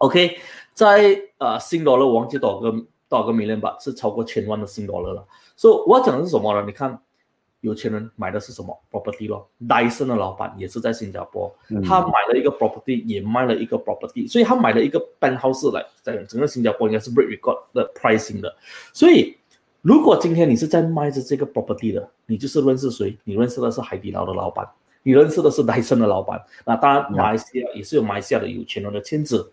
O.K. 在呃新 dollar，我忘記多少個多少個 million 吧，是超過千萬的新 dollar 了。所以，我要講的是什麼呢？你看，有錢人買的是什麼 property 咯？戴森的老闆也是在新加坡，嗯、他買了一個 property，也賣了一個 property，所以他買了一個 penthouse，嚟在整個新加坡應該是 break record 的 pricing 的。所以，如果今天你是在賣着這個 property 的，你就是認識誰？你認識的是海底撈的老闆，你認識的是戴森的老闆。那當然馬來西亞也是有馬來西亞的有錢人的圈子。嗯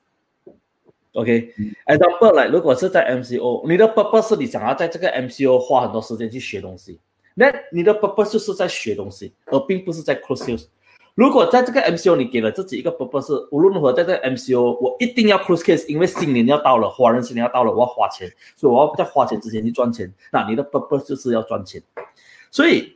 OK，example，like、嗯、如果是在 MCO，你的 purpose 是你想要在這個 MCO 花很多時間去學東西，那你的 purpose 就是在學東西，而並不是在 close case，如果在這個 MCO，你給了自己一個 purpose，無論如何，在這 MCO，我一定要 close case，因為新年要到了，華人新年要到了，我要花錢，所以我要在花錢之前去賺錢，那你的 purpose 就是要賺錢，所以。